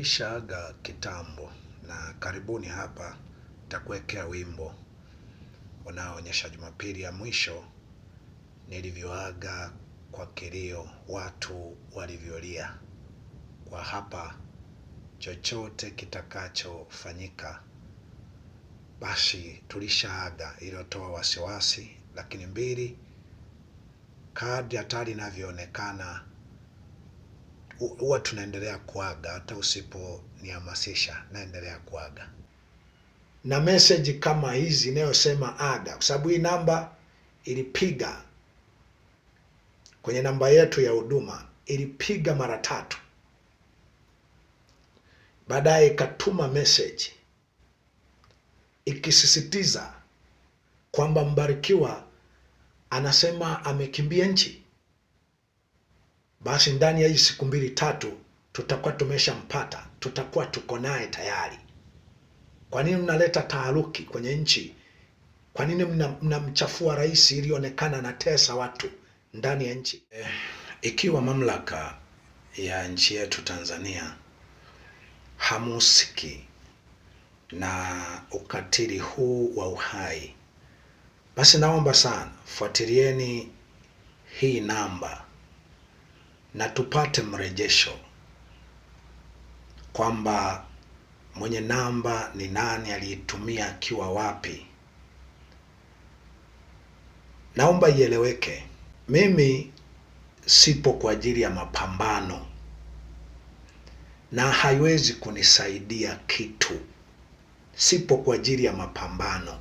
Nilishaaga kitambo na karibuni hapa nitakuwekea wimbo unaoonyesha Jumapili ya mwisho nilivyoaga kwa kilio, watu walivyolia kwa hapa. Chochote kitakachofanyika, basi tulishaaga. Iliyotoa wasiwasi, lakini mbili, kadi hatari inavyoonekana huwa tunaendelea kuaga hata usiponihamasisha, naendelea kuaga na message kama hizi inayosema aga kwa sababu hii namba ilipiga kwenye namba yetu ya huduma ilipiga mara tatu, baadaye ikatuma message ikisisitiza kwamba Mbarikiwa anasema amekimbia nchi basi ndani ya hii siku mbili tatu tutakuwa tumeshampata, tutakuwa tuko naye tayari. Kwa nini mnaleta taharuki kwenye nchi? Kwa nini mnamchafua mna rais ilionekana na tesa watu ndani ya nchi eh? Ikiwa mamlaka ya nchi yetu Tanzania hamusiki na ukatili huu wa uhai, basi naomba sana fuatilieni hii namba na tupate mrejesho kwamba mwenye namba ni nani, aliitumia akiwa wapi. Naomba ieleweke, mimi sipo kwa ajili ya mapambano na haiwezi kunisaidia kitu. Sipo kwa ajili ya mapambano.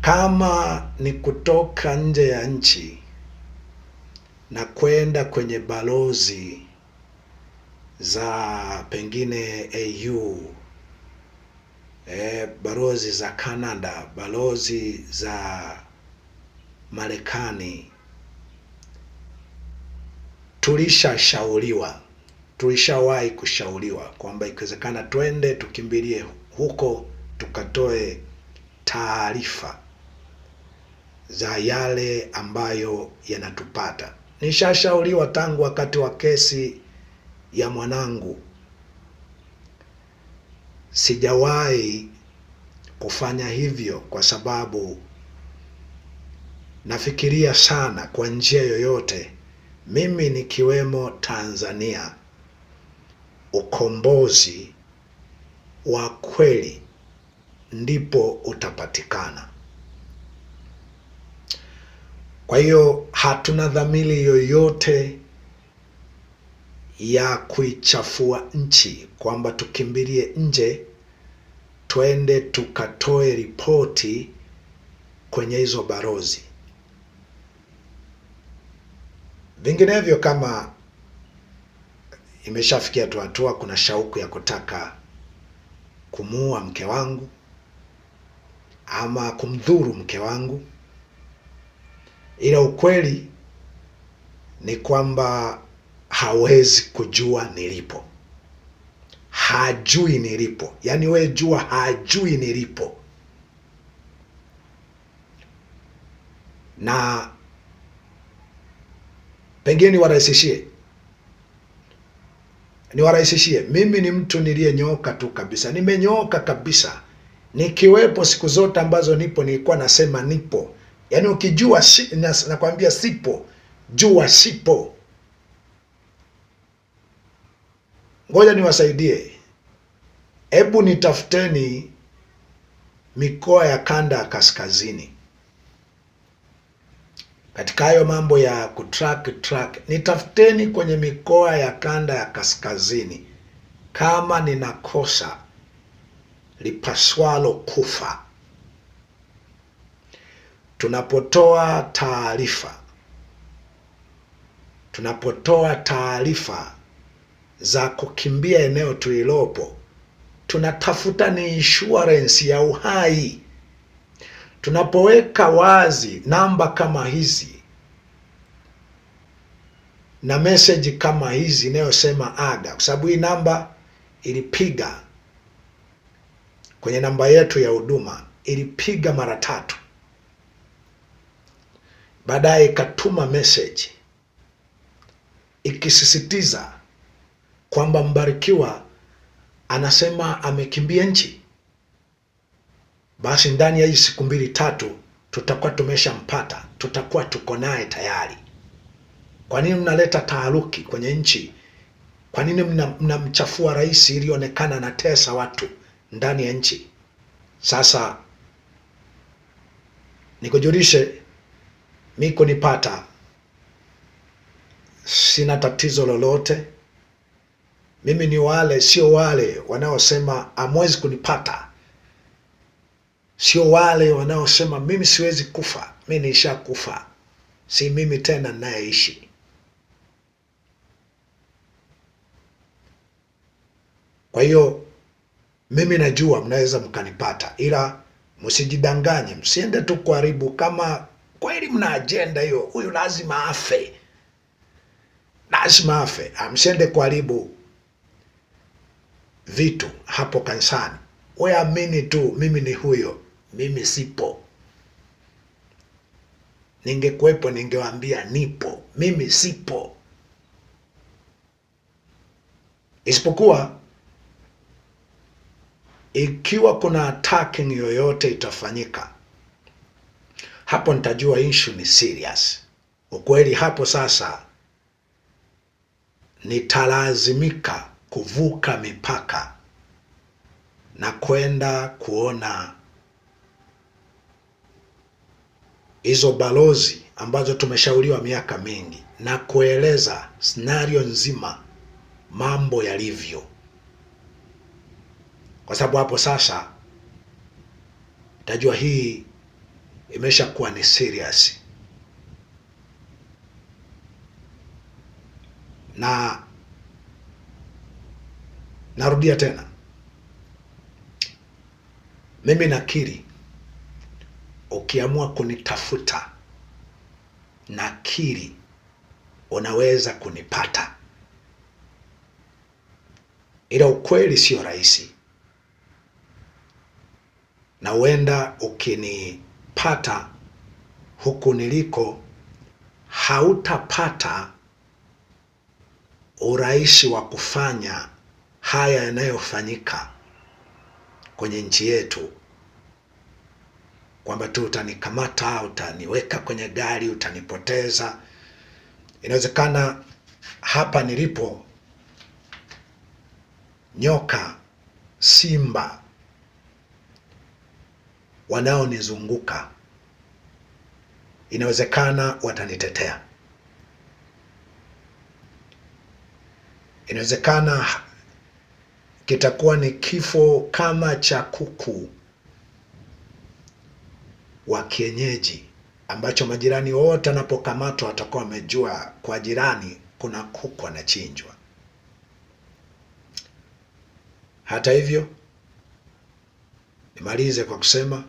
Kama ni kutoka nje ya nchi na kwenda kwenye balozi za pengine AU e, eh, balozi za Canada, balozi za Marekani. Tulishashauriwa, tulishawahi kushauriwa kwamba ikiwezekana twende tukimbilie huko tukatoe taarifa za yale ambayo yanatupata. Nishashauriwa tangu wakati wa kesi ya mwanangu, sijawahi kufanya hivyo kwa sababu nafikiria sana kwa njia yoyote, mimi nikiwemo Tanzania, ukombozi wa kweli ndipo utapatikana. Kwa hiyo hatuna dhamiri yoyote ya kuichafua nchi kwamba tukimbilie nje twende tukatoe ripoti kwenye hizo barozi. Vinginevyo, kama imeshafikia tu hatua, kuna shauku ya kutaka kumuua mke wangu ama kumdhuru mke wangu ila ukweli ni kwamba hawezi kujua nilipo, hajui nilipo. Yaani wewe jua hajui nilipo, na pengine niwarahisishie niwarahisishie, mimi ni mtu niliyenyooka tu kabisa, nimenyooka kabisa. Nikiwepo siku zote ambazo nipo, nilikuwa nasema nipo Yaani ukijua shi, nakwambia sipo, jua sipo. Ngoja niwasaidie, hebu nitafuteni mikoa ya kanda ya kaskazini katika hayo mambo ya kutrack track, nitafuteni kwenye mikoa ya kanda ya kaskazini kama ninakosa lipaswalo kufa tunapotoa taarifa tunapotoa taarifa za kukimbia eneo tulilopo, tunatafuta ni insurance ya uhai. Tunapoweka wazi namba kama hizi na meseji kama hizi inayosema aga kwa sababu hii namba ilipiga kwenye namba yetu ya huduma ilipiga mara tatu baadaye ikatuma message ikisisitiza kwamba Mbarikiwa anasema amekimbia nchi, basi ndani ya hii siku mbili tatu tutakuwa tumeshampata, tutakuwa tuko naye tayari. Kwa nini mnaleta taharuki kwenye nchi? Kwa nini mnamchafua mna rais na tesa watu ndani ya nchi? Sasa nikujulishe mi kunipata, sina tatizo lolote. Mimi ni wale, sio wale wanaosema amwezi kunipata, sio wale wanaosema mimi siwezi kufa, mi nishakufa kufa, si mimi tena ninayeishi. Kwa hiyo mimi najua mnaweza mkanipata, ila msijidanganye, msiende tu kuharibu kama kweli mna ajenda hiyo, huyu lazima afe, lazima afe, amsende kuharibu vitu hapo kanisani. We amini tu, mimi ni huyo, mimi sipo. Ningekuwepo ningewaambia nipo, mimi sipo, isipokuwa ikiwa kuna attacking yoyote itafanyika hapo nitajua issue ni serious. Ukweli hapo sasa nitalazimika kuvuka mipaka na kwenda kuona hizo balozi ambazo tumeshauriwa miaka mingi na kueleza scenario nzima mambo yalivyo, kwa sababu hapo sasa tajua hii imeshakuwa ni serious na narudia tena, mimi nakiri, ukiamua kunitafuta, nakiri unaweza kunipata, ila ukweli sio rahisi, na huenda ukini pata huku niliko, hautapata urahisi wa kufanya haya yanayofanyika kwenye nchi yetu, kwamba tu utanikamata, utaniweka kwenye gari, utanipoteza. Inawezekana hapa nilipo nyoka, simba wanaonizunguka, inawezekana watanitetea, inawezekana kitakuwa ni kifo kama cha kuku wa kienyeji ambacho majirani wote anapokamatwa watakuwa wamejua kwa jirani kuna kuku anachinjwa. Hata hivyo, nimalize kwa kusema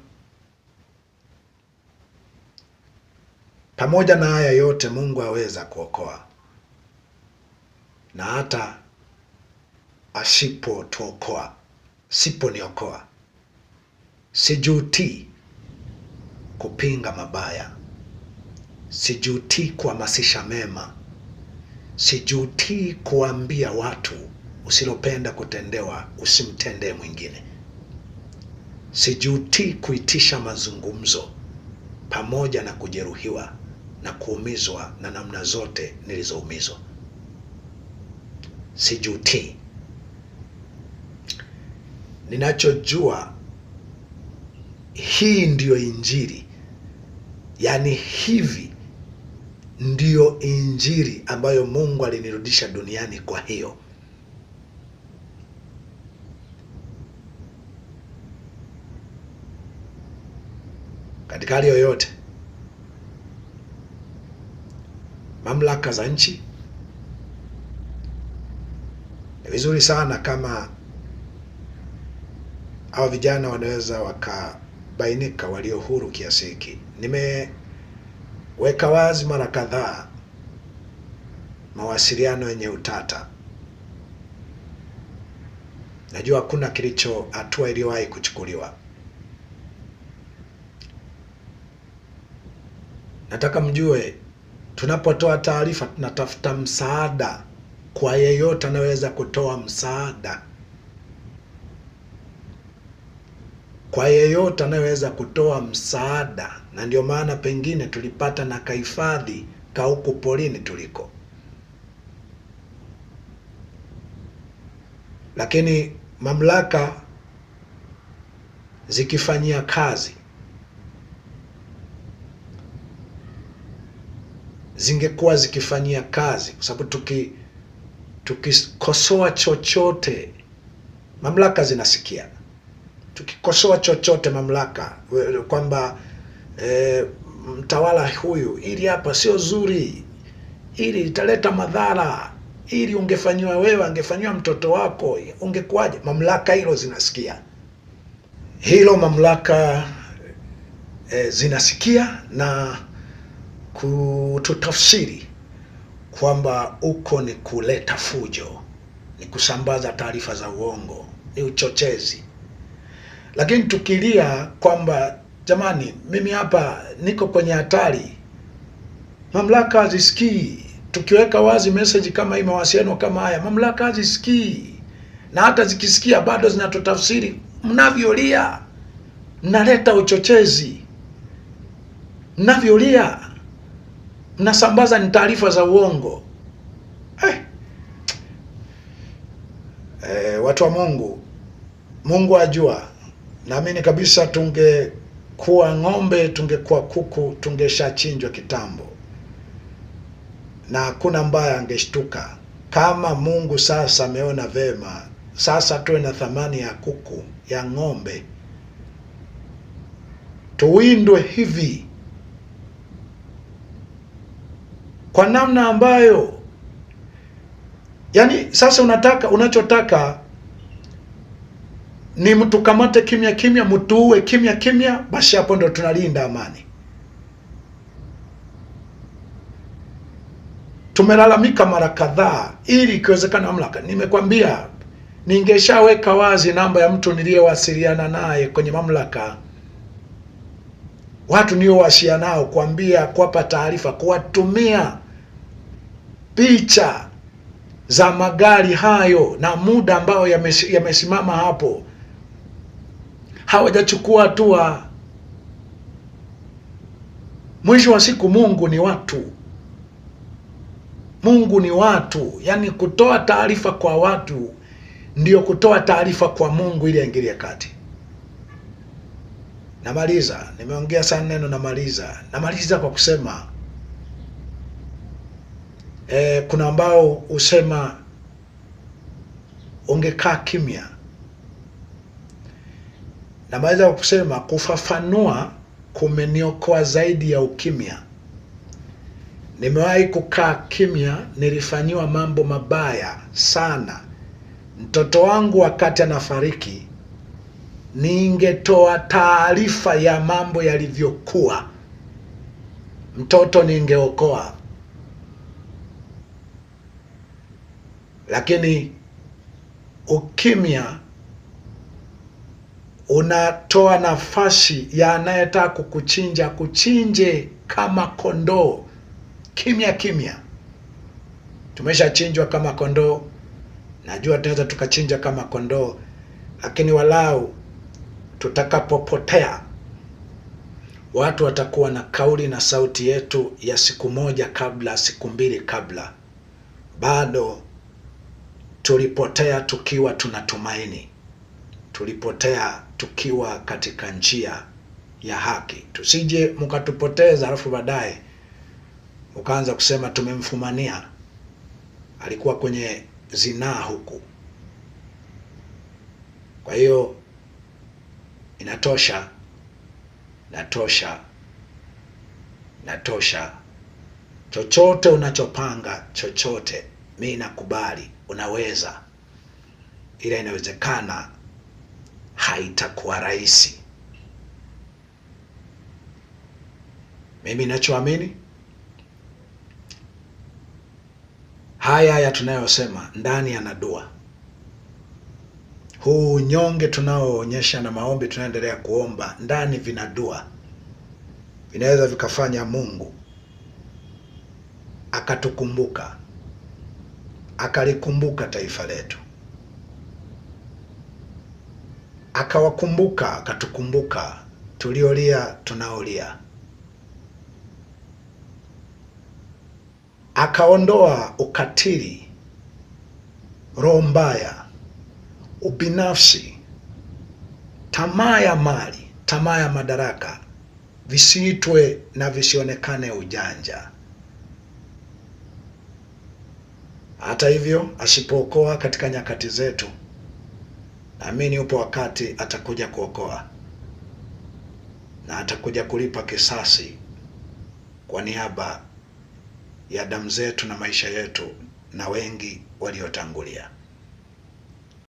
Pamoja na haya yote, Mungu aweza kuokoa, na hata asipotuokoa, siponiokoa, sijuti kupinga mabaya, sijuti kuhamasisha mema, sijuti kuambia watu usilopenda kutendewa usimtendee mwingine. sijuti kuitisha mazungumzo pamoja na kujeruhiwa na kuumizwa na namna zote nilizoumizwa. Sijuti. Ninachojua hii ndiyo Injili, yaani hivi ndiyo Injili ambayo Mungu alinirudisha duniani. Kwa hiyo katika hali yoyote mamlaka za nchi. Ni vizuri sana kama hawa vijana wanaweza wakabainika walio huru kiasi hiki. Nimeweka wazi mara kadhaa mawasiliano yenye utata. Najua hakuna kilicho hatua iliyowahi kuchukuliwa. Nataka mjue Tunapotoa taarifa, tunatafuta msaada kwa yeyote anaweza kutoa msaada, kwa yeyote anayeweza kutoa msaada. Na ndio maana pengine tulipata na kahifadhi ka huku polini tuliko, lakini mamlaka zikifanyia kazi zingekuwa zikifanyia kazi, kwa sababu tuki tukikosoa chochote mamlaka zinasikia. Tukikosoa chochote mamlaka kwamba e, mtawala huyu, ili hapa sio zuri, ili italeta madhara, ili ungefanyiwa wewe, angefanyiwa mtoto wako, ungekuwaje? Mamlaka hilo zinasikia, hilo mamlaka e, zinasikia na kututafsiri kwamba uko ni kuleta fujo, ni kusambaza taarifa za uongo, ni uchochezi. Lakini tukilia kwamba jamani, mimi hapa niko kwenye hatari, mamlaka hazisikii. Tukiweka wazi message kama hii, mawasiliano kama haya, mamlaka hazisikii, na hata zikisikia bado zinatutafsiri. Mnavyolia mnaleta uchochezi, mnavyolia mnasambaza ni taarifa za uongo eh. Eh, watu wa Mungu, Mungu ajua, naamini kabisa tungekuwa ng'ombe, tungekuwa kuku, tungeshachinjwa kitambo, na hakuna ambaye angeshtuka kama Mungu sasa ameona vema sasa tuwe na thamani ya kuku, ya ng'ombe, tuwindwe hivi kwa namna ambayo yani, sasa unataka unachotaka ni mtukamate kimya kimya, mtuue kimya kimya, basi hapo ndo tunalinda amani. Tumelalamika mara kadhaa, ili ikiwezekana mamlaka, nimekwambia ningeshaweka wazi namba ya mtu niliyewasiliana naye kwenye mamlaka, watu niliowasiliana nao, kuambia, kuwapa taarifa, kuwatumia picha za magari hayo na muda ambao yamesimama yame hapo, hawajachukua hatua. Mwisho wa siku, Mungu ni watu, Mungu ni watu. Yaani kutoa taarifa kwa watu ndio kutoa taarifa kwa Mungu ili aingilie kati. Namaliza, nimeongea sana neno namaliza. Namaliza kwa kusema e, kuna ambao husema ungekaa kimya. Naweza kusema kufafanua kumeniokoa zaidi ya ukimya. Nimewahi kukaa kimya, nilifanyiwa mambo mabaya sana. Mtoto wangu wakati anafariki, ningetoa taarifa ya mambo yalivyokuwa, mtoto ningeokoa. lakini ukimya unatoa nafasi ya anayetaka kukuchinja kuchinje kama kondoo kimya kimya. Tumeshachinjwa kama kondoo, najua tunaweza tukachinja kama kondoo, lakini walau tutakapopotea watu watakuwa na kauli na sauti yetu ya siku moja kabla, siku mbili kabla, bado Tulipotea tukiwa tunatumaini, tulipotea tukiwa katika njia ya haki. Tusije mkatupoteza alafu baadaye ukaanza kusema tumemfumania, alikuwa kwenye zinaa huku. Kwa hiyo inatosha, natosha, natosha. Chochote unachopanga chochote, mi nakubali unaweza, ila inawezekana haitakuwa rahisi. Mimi ninachoamini haya haya tunayosema ndani yana dua. Huu unyonge tunaoonyesha na maombi tunaendelea kuomba ndani vina dua, vinaweza vikafanya Mungu akatukumbuka akalikumbuka taifa letu, akawakumbuka, akatukumbuka tuliolia, tunaolia, akaondoa ukatili, roho mbaya, ubinafsi, tamaa ya mali, tamaa ya madaraka, visiitwe na visionekane ujanja. Hata hivyo, asipookoa katika nyakati zetu, naamini upo wakati atakuja kuokoa na atakuja kulipa kisasi kwa niaba ya damu zetu na maisha yetu na wengi waliotangulia.